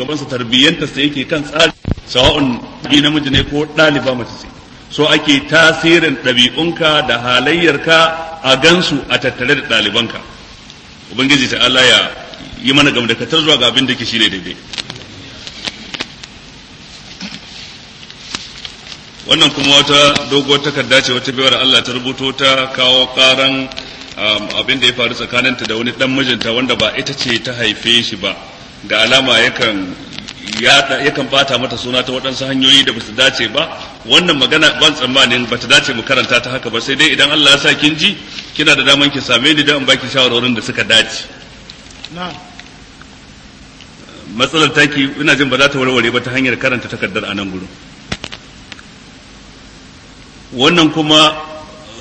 su tarbiyyanta sa yake kan tsari sawa'un ɗi namiji ne ko ɗaliba mace ce so ake tasirin ɗabi'unka da halayyarka a gansu a tattare da ɗalibanka ubangiji ta Allah ya yi mana gamdakatar zuwa ga abin da ke shine daidai wannan kuma wata doguwar takarda ce wata bewar Allah ta rubuto ta kawo karan um, abin da ya faru tsakaninta da wani dan mijinta wanda ba ita ce ta haife shi ba da alama yakan yakan bata mata suna ta waɗansu hanyoyi da basu dace ba wannan magana ban tsammanin bata dace mu karanta ta haka ba sai dai idan Allah ya sa kin ji kina da daman ki same ni don in baki shawarwarin da suka dace matsalar taki ina jin ba za ta warware ba ta hanyar karanta takardar a nan wannan kuma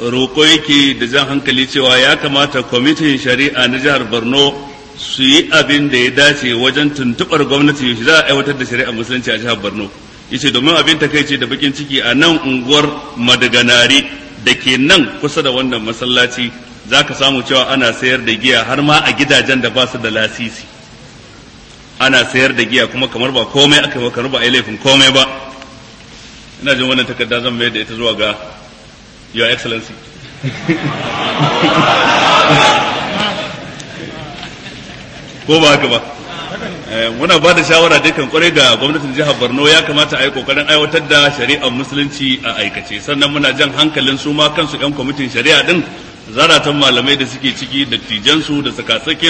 roƙo yake da jan hankali cewa ya kamata kwamitin shari'a na jihar borno su yi abin da ya dace wajen tuntuɓar gwamnati yaushe za a aiwatar da shari'a musulunci a jihar Borno yace domin abin ta ce da bakin ciki a nan unguwar Madaganari da ke nan kusa da wannan masallaci za ka samu cewa ana sayar da giya har ma a gidajen da ba su da lasisi ana sayar da giya kuma kamar ba komai aka yi kamar ba a yi laifin komai ba ina jin wannan takarda zan mayar da ita zuwa ga your excellency ko ba haka ba eh, muna ba da shawara dukkan kwarai ga gwamnatin jihar Borno ya kamata a yi kokarin aiwatar da shari'ar musulunci a aikace sannan muna jan hankalin su ma kansu yan kwamitin shari'a din zaratan malamai da suke ciki da su da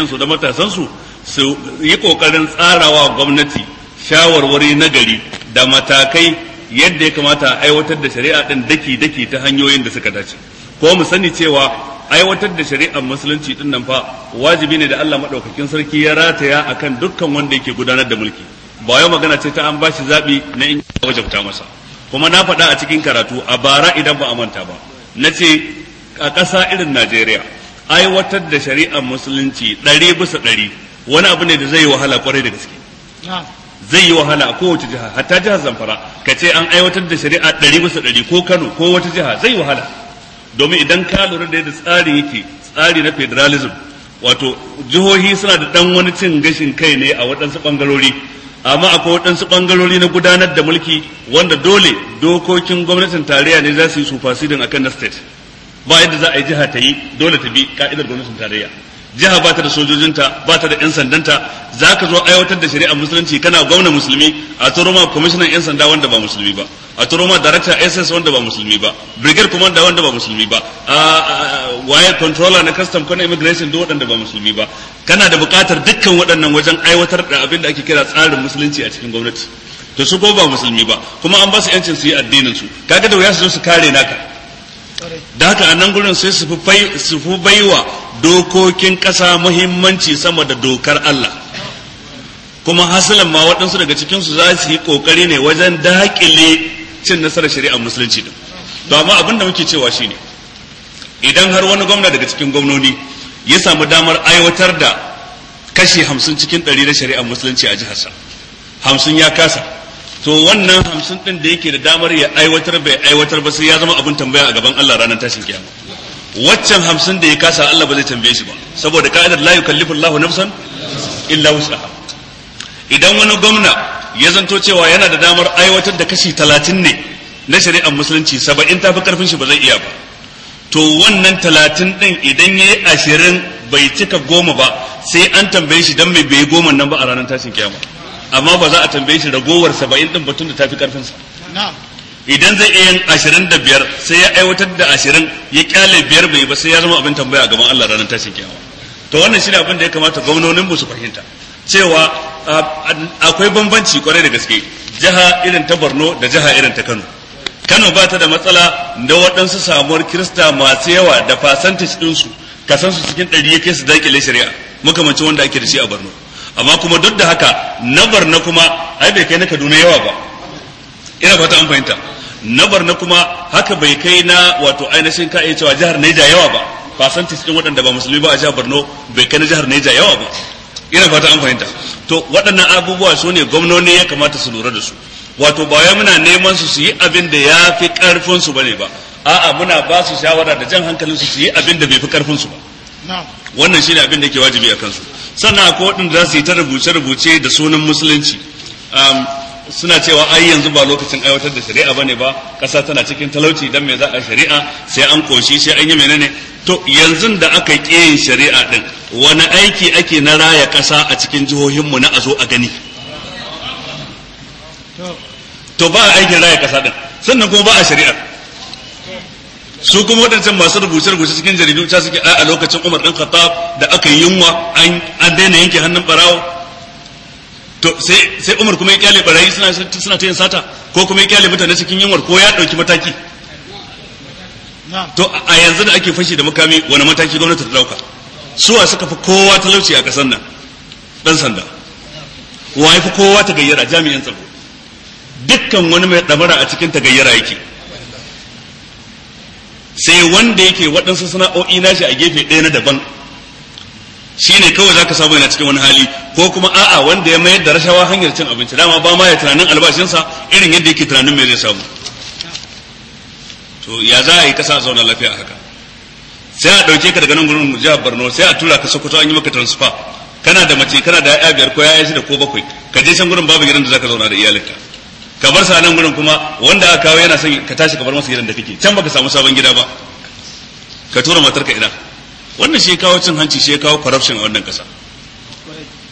su da matasansu su yi kokarin tsarawa gwamnati shawarwari na gari da matakai yadda ya kamata a aiwatar da shari'a din daki-daki ta hanyoyin da suka dace ko mu sani cewa aiwatar da shari'ar musulunci din nan fa wajibi ne da Allah madaukakin sarki ya rataya akan dukkan wanda yake gudanar da mulki ba yau magana ce ta an bashi zabi na in wajabta masa kuma na faɗa a cikin karatu a bara idan ba a manta ba na ce a ƙasa irin Najeriya aiwatar da shari'ar musulunci ɗari bisa ɗari wani abu ne da zai yi wahala kwarai da gaske zai yi wahala a kowace jiha hatta jihar zamfara ka ce an aiwatar da shari'a ɗari bisa ɗari ko kano ko wata jiha zai wahala domin idan ka lura da yadda tsari yake tsari na federalism wato jihohi suna da dan wani cin gashin kai ne a waɗansu ɓangarori amma akwai waɗansu ɓangarori na gudanar da mulki wanda dole dokokin gwamnatin tarayya ne za su yi sufasidin akan na state ba yadda za a yi jiha ta yi dole ta bi ka'idar gwamnatin tarayya jiha ba ta da sojojinta ba ta da yan sandanta za ka zo aiwatar da shari'a musulunci kana gwamna musulmi a turo ma kwamishinan yan sanda wanda ba musulmi ba a turo ma darakta ss wanda ba musulmi ba brigade commander wanda ba musulmi ba waye controller na custom ko na immigration duk waɗanda ba musulmi ba kana da buƙatar dukkan waɗannan wajen aiwatar da abin da ake kira tsarin musulunci a cikin gwamnati to su ko ba musulmi ba kuma an ba su yancin su yi addinin su kaga da wuya su zo su kare naka da haka a nan gurin sai su fi baiwa dokokin ƙasa muhimmanci sama da dokar Allah kuma hasilan ma waɗansu daga cikinsu za su yi ƙoƙari ne wajen daƙile cin nasarar shari'a musulunci din to amma abin da muke cewa shine idan har wani gwamna daga cikin gwamnoni ya samu damar aiwatar da kashi hamsin cikin ɗari na shari'ar musulunci a jiharsa hamsin ya kasa to wannan hamsin ɗin da yake da damar ya aiwatar bai aiwatar ba sai ya zama abin tambaya a gaban Allah ranar tashin kiyama waccan hamsin da ya kasa Allah ba zai tambaye shi ba saboda ka'idar la yukallifu Allahu nafsan illa wus'aha idan wani gwamna ya zanto cewa yana da damar aiwatar da kashi talatin ne na shari'ar musulunci saba'in ta fi karfin shi ba zai iya ba to wannan talatin din idan ya yi ashirin bai cika goma ba sai an tambaye shi don mai bai goma nan ba a ranar tashin kiyama amma ba za a tambaye shi ragowar saba'in din batun da ta fi na'am idan zai iya yin ashirin da biyar sai ya aiwatar da ashirin ya kyale biyar bai ba sai ya zama abin tambaya a gaban Allah ranar tashin kiyama to wannan shine abin da ya kamata gwamnonin mu su fahimta cewa akwai bambanci kwarai da gaske jiha irin ta Borno da jiha irin ta Kano Kano ba ta da matsala da waɗansu samuwar Kirista masu yawa da percentage ɗinsu kasan su cikin ɗari ya kai su dakile shari'a makamancin wanda ake da shi a Borno amma kuma duk da haka na Borno kuma ai bai kai na Kaduna yawa ba ina fata an fahimta na barna kuma haka bai kai na wato ainihin ka iya cewa jihar Neja yawa ba fasanti cikin waɗanda ba musulmi ba a jihar Borno bai kai na jihar Neja yawa ba ina fata an fahimta to waɗannan abubuwa su ne gwamnoni ya kamata su lura da su wato ba wai muna neman su su yi abin da ya fi ƙarfin su bane ba a'a muna ba su shawara da jan hankalin su su yi abin da bai fi ƙarfin su ba wannan shine abin da yake wajibi a kansu sannan akwai waɗanda za su yi ta rubuce-rubuce da sunan musulunci suna cewa ai yanzu ba lokacin aiwatar da shari'a bane ba kasa tana cikin talauci dan me za a shari'a sai an koshi sai an yi menene to yanzu da aka ƙi yin shari'a din wani aiki ake na raya kasa a cikin jihohinmu na a zo a gani to ba aikin raya kasa din sannan kuma ba a shari'a su kuma waɗancan masu rubuce-rubuce cikin jaridu ta suke a lokacin umar ɗan khattab da aka yi yunwa an daina yanke hannun ɓarawo to sai sai Umar kuma ya kyale barayi suna suna ta yin sata ko kuma ya kyale mutane cikin yunwar ko ya dauki mataki to a yanzu da ake fashi da makami wani mataki gwamnati ta dauka suwa suka fi kowa talauci a kasar nan dan sanda wa ya fi kowa ta gayyara jami'an tsaro dukkan wani mai dabara a cikin ta gayyara yake sai wanda yake waɗansu sana'o'i nashi a gefe ɗaya na daban shine kawai zaka samu yana cikin wani hali ko kuma a'a wanda ya mayar da rashawa hanyar cin abinci dama ba ma ya tunanin albashinsa irin yadda yake tunanin me zai samu to ya za a yi kasa zauna lafiya haka sai a ɗauke ka daga nan gurin jihar Borno sai a tura ka Sokoto an yi maka transfer kana da mace kana da ya'ya biyar ko ya'ya shida ko bakwai ka je can gurin babu gidan da zaka zauna da iyalinka ka bar sa nan gurin kuma wanda aka kawo yana son ka tashi ka bar masa gidan da kake can baka samu sabon gida ba ka tura matarka ina wannan shi kawo cin hanci shi kawo corruption a wannan kasa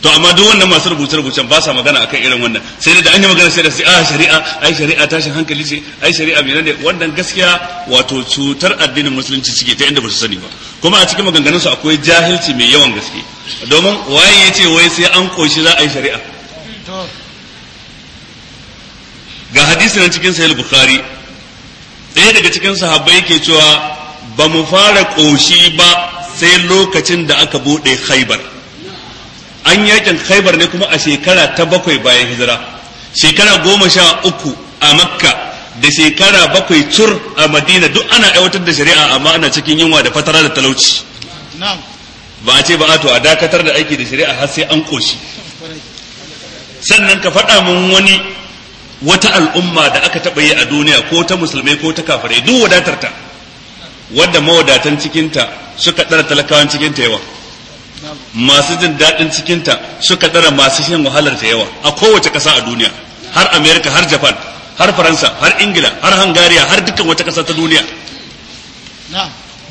to amma duk wannan masu rubuce rubucen ba sa magana akan irin wannan sai da an yi magana sai da sai a ah, shari'a ai shari'a tashin hankali ce ai shari'a mai ne wannan gaskiya wato cutar addinin musulunci cike ta inda ba su sani ba kuma a cikin maganganun su akwai jahilci mai yawan gaske domin waye ya ce wai sai an koshi za a yi shari'a ga hadisi na cikin sahih bukhari ɗaya daga cikin sahabbai yake cewa ba mu fara koshi ba sai lokacin da aka bude khaibar an yakin khaibar ne kuma a shekara ta bakwai bayan hijira shekara goma sha uku a makka da shekara bakwai tur a madina duk ana aiwatar da shari'a amma ana cikin yunwa da fatara da talauci ba a ce ba a to a dakatar da aiki da shari'a har sai an koshi sannan ka faɗa min wani wata al'umma da aka taɓa yi a duniya ko ta musulmai ko ta kafirai duk wadatar ta wadda mawadatan cikinta suka tsara talakawan cikinta yawa masu jin daɗin cikinta suka tsara masu shan wahalar ta yawa a kowace ƙasa a duniya har america har japan har faransa har ingila har hungariya har dukkan wata ƙasa ta duniya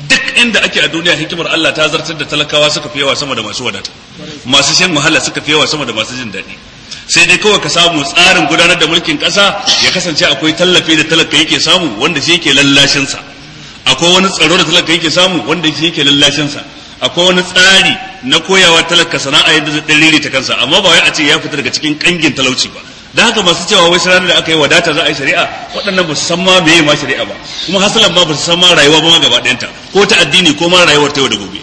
duk inda ake a duniya hikimar allah ta zartar da talakawa suka fi yawa sama da masu wadata masu shan wahala suka fi yawa sama da masu jin daɗi sai dai kawai ka samu tsarin gudanar da mulkin ƙasa ya kasance akwai tallafi da talaka yake samu wanda shi yake lallashinsa akwai wani tsaro da talaka yake samu wanda shi yake lallashin sa akwai wani tsari na koyawa talaka sana'a yadda zai dalili ta kansa amma ba wai a ce ya fita daga cikin kangin talauci ba da haka masu cewa wai sanar da aka yi wadata za a yi shari'a waɗannan ba su san ma meye ma shari'a ba kuma hasalan ba ba su san ma rayuwa ba ma gaba ɗayanta ko ta addini ko ma rayuwar ta yau da gobe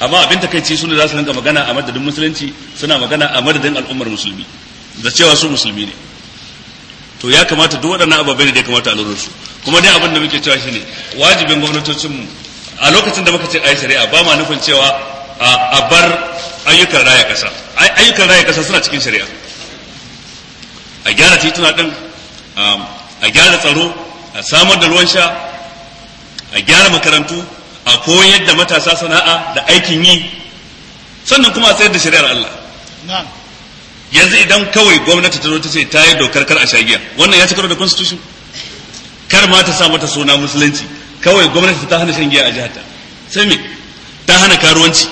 amma abin takaici su ne za su rinka magana a madadin musulunci suna magana a madadin al'ummar musulmi da cewa su musulmi ne to ya kamata duk waɗannan ababai ne da ya kamata a lura su kuma dai abin da muke cewa ne. wajibin gwamnatocin mu a lokacin da muka ce ayi shari'a ba ma nufin cewa a bar ayyukan raya kasa ayyukan raya kasa suna cikin shari'a a gyara tituna din um, a gyara tsaro a samar da ruwan sha a gyara makarantu a koyar da matasa sana'a da aikin yi sannan kuma a tsayar da shari'ar Allah yanzu idan kawai gwamnati ta zo ta ce ta yi dokar kar a shagiya wannan ya ci karo da constitution kar ma ta sa mata suna musulunci kawai gwamnati ta hana shan giya a jihar ta sai me ta hana karuwanci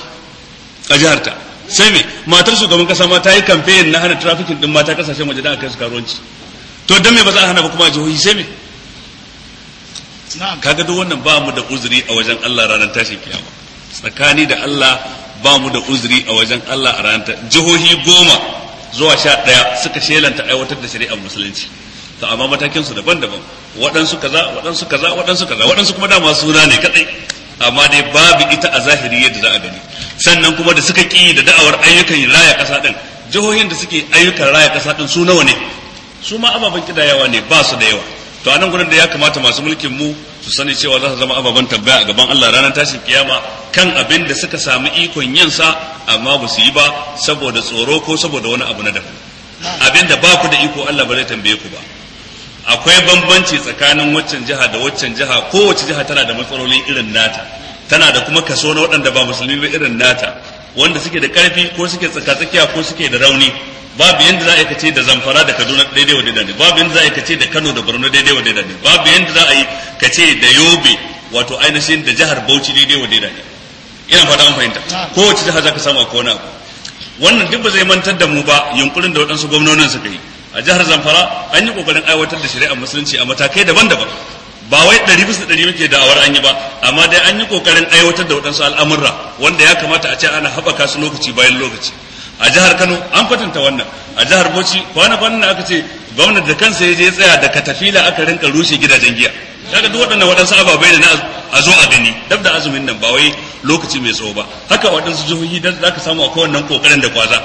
a jihar ta sai me matar shugaban kasa ma ta yi kamfen na hana trafficking din mata kasashen waje da aka su karuwanci to dan me ba za a hana ba kuma a jihohi sai me kaga duk wannan ba mu da uzuri a wajen Allah ranar tashin kiyama tsakani da Allah ba mu da uzuri a wajen Allah a ranar jihohi goma zuwa sha ɗaya suka shelanta aiwatar da shari'ar musulunci to amma matakin su daban-daban waɗansu kaza waɗansu kaza waɗansu kaza waɗansu kuma dama suna ne kadai amma dai babu ita a zahiri yadda za a gani sannan kuma da suka ki da da'awar ayyukan raya ƙasa din jihohin da suke ayyukan raya ƙasa din su nawa ne su ma ababen kidayawa ne ba su da yawa to anan gurin da ya kamata masu mulkin mu su sani cewa za su zama ababen tambaya a gaban Allah ranar tashin kiyama kan abin da suka samu ikon yin sa amma ba su yi ba saboda tsoro ko saboda wani abu na daban abin da ba ku da iko Allah ba zai tambaye ku ba akwai bambanci tsakanin waccan jiha da waccan jiha kowace jiha tana da matsalolin irin nata tana da kuma kaso na waɗanda ba musulmi ba irin nata wanda suke da ƙarfi ko suke tsakatsakiya ko suke da rauni babu yanda za a kace da zamfara da kaduna daidai wa daidai babu yanda za a kace da kano da borno daidai wa daidai babu yanda za a yi kace da yobe wato ainihin da jihar bauchi daidai wa daidai ina fata an fahimta kowace jiha za ka samu a kona wannan duk ba zai mantar da mu ba yunkurin da waɗansu gwamnonin suka yi a jihar zamfara an yi kokarin aiwatar da shari'ar musulunci a matakai daban-daban ba wai ɗari bisa ɗari muke da'awar an yi ba amma dai an yi kokarin aiwatar da waɗansu al'amurra wanda ya kamata a ce ana haɓaka su lokaci bayan lokaci a jihar kano an kwatanta wannan a jihar bauchi kwana kwanan aka ce gwamnati da kansa ya je tsaya da katafila aka rinka rushe gidajen giya kaga duk waɗannan waɗansu ababai ne na a zo a gani dab da azumin nan ba wai lokaci mai tsawo ba haka waɗansu jihohi da za ka samu a kowannan kokarin da kwaza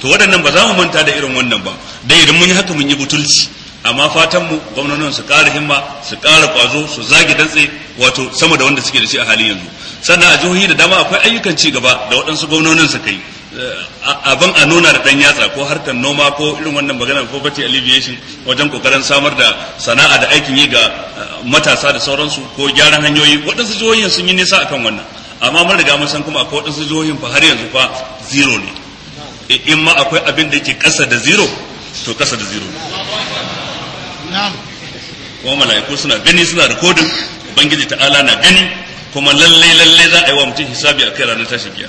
to waɗannan ba za mu manta da irin wannan ba dai idan mun yi haka mun yi butulci amma fatan mu gwamnonin su ƙara himma su ƙara kwazo su zage dantse wato sama da wanda suke da shi a halin yanzu sannan a jihohi da dama akwai ayyukan ci gaba da waɗansu gwamnonin su kai eh, abin a nuna da ɗan yatsa ko harkar noma ko irin wannan magana ko bati alleviation wajen kokarin samar da sana'a da aikin yi ga eh, matasa da sauransu ko gyaran hanyoyi waɗansu jihohin sun yi nisa akan wannan amma mun riga mun san kuma akwai waɗansu jihohin fa har yanzu fa zero ne in ma akwai abin da yake ƙasa da zero to kasa da zero kuma mala'iku suna gani suna rikodin ubangiji ta'ala na gani kuma lallai lallai za a yi wa mutum hisabi a kai ranar tashi giya